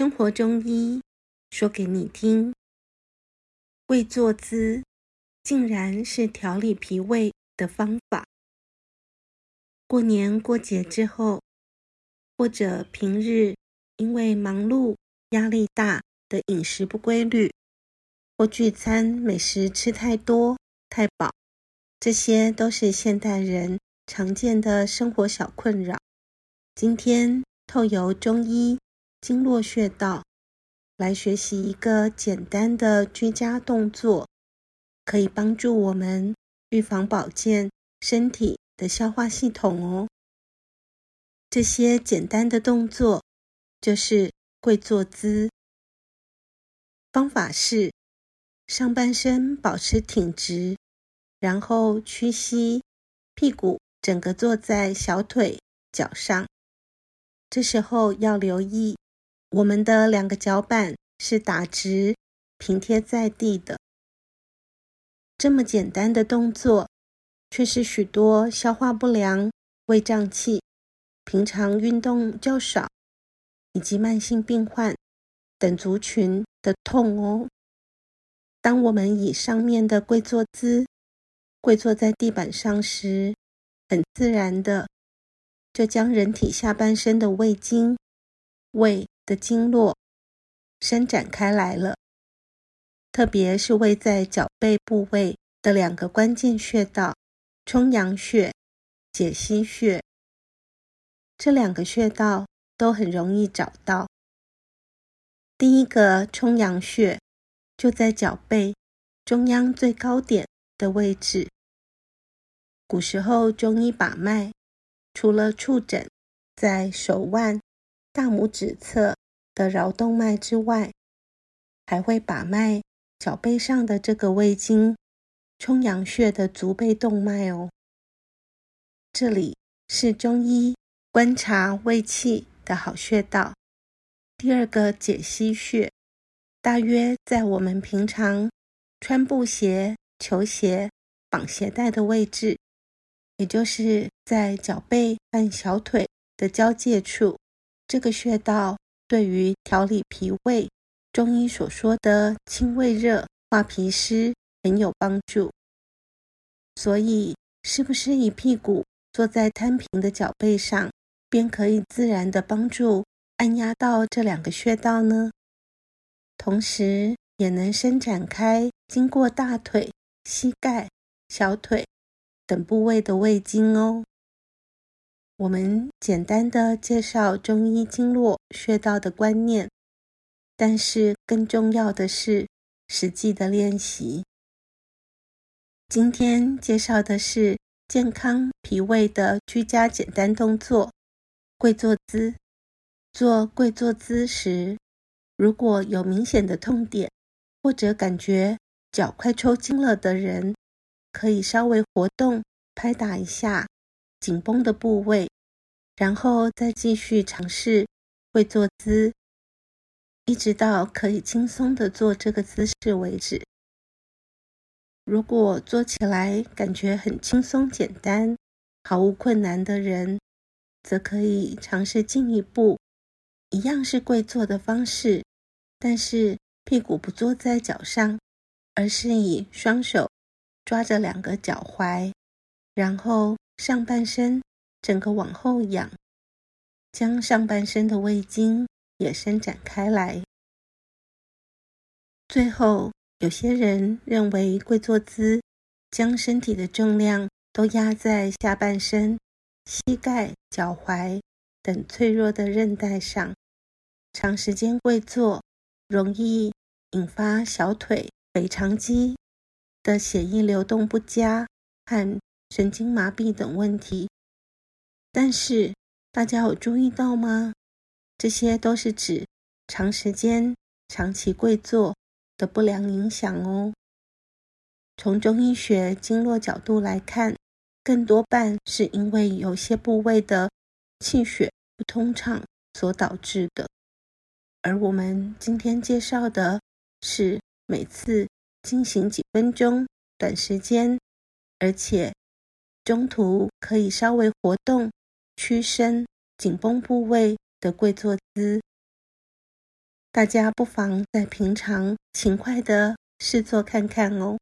生活中醫說給你聽，跪坐姿竟然是調理脾胃的方法。過年過節之後，或者平日因為忙碌、壓力大的飲食不規律，或聚餐美食吃太多、太飽，這些都是現代人常見的生活小困擾。今天透由中醫。經絡穴道來學習一個簡單的居家動作，可以幫助我們預防保健身體的消化系統哦。這些簡單的動作就是跪坐姿，方法是上半身保持挺直，然後屈膝，屁股整個坐在小腿腳上。這時候要留意。我們的兩個腳板是打直平貼在地的，這麼簡單的動作，卻是許多消化不良、胃脹氣、平常運動較少以及慢性病患等族群的痛哦。當我們以上面的跪坐姿跪坐在地板上時，很自然的，就將人體下半身的胃經、胃。的經絡伸展開來了，特別是位在腳背部位的兩個關鍵穴道——衝陽穴、解溪穴，這兩個穴道都很容易找到。第一個衝陽穴就在腳背中央最高點的位置。古時候中醫把脈，除了觸診，在手腕。大拇指側的橈動脈之外，還會把脈腳背上的這個胃經衝陽穴的足背動脈哦。這裡是中醫觀察胃氣的好穴道。第二個解谿穴，大約在我們平常穿布鞋、球鞋綁鞋帶的位置，也就是在腳背和小腿的交界處。這個穴道對於調理脾胃，中醫所說的清胃熱、化脾濕很有幫助。所以，是不是一屁股坐在攤平的腳背上，便可以自然地幫助按壓到這兩個穴道呢？同時，也能伸展開經過大腿、膝蓋、小腿等部位的胃經哦。我們簡單的介紹中醫經絡穴道的觀念，但是更重要的是實際的練習。今天介紹的是健康脾胃的居家簡單動作，跪坐姿。做跪坐姿時，如果有明顯的痛點或者感覺腳快抽筋了的人，可以稍微活動拍打一下緊繃的部位。然後再繼續嘗試跪坐姿，一直到可以輕鬆的做這個姿勢為止。如果做起來感覺很輕鬆、簡單、毫無困難的人，則可以嘗試進一步，一樣是跪坐的方式，但是屁股不坐在腳上，而是以雙手抓着兩個腳踝，然後上半身。整個往後仰，將上半身的胃經也伸展開來。最後，有些人認為跪坐姿將身體的重量都壓在下半身、膝蓋、腳踝等脆弱的韌帶上，長時間跪坐容易引發小腿腓腸肌的血液流動不佳和神經麻痹等問題。但是大家有注意到嗎？這些都是指長時間、長期跪坐的不良影響哦。從中醫學經絡角度來看，更多半是因為有些部位的氣血不通暢所導致的。而我們今天介紹的是每次進行幾分鐘、短時間，而且中途可以稍微活動，屈伸緊繃部位的跪坐姿，大家不妨在平常勤快地試做看看哦。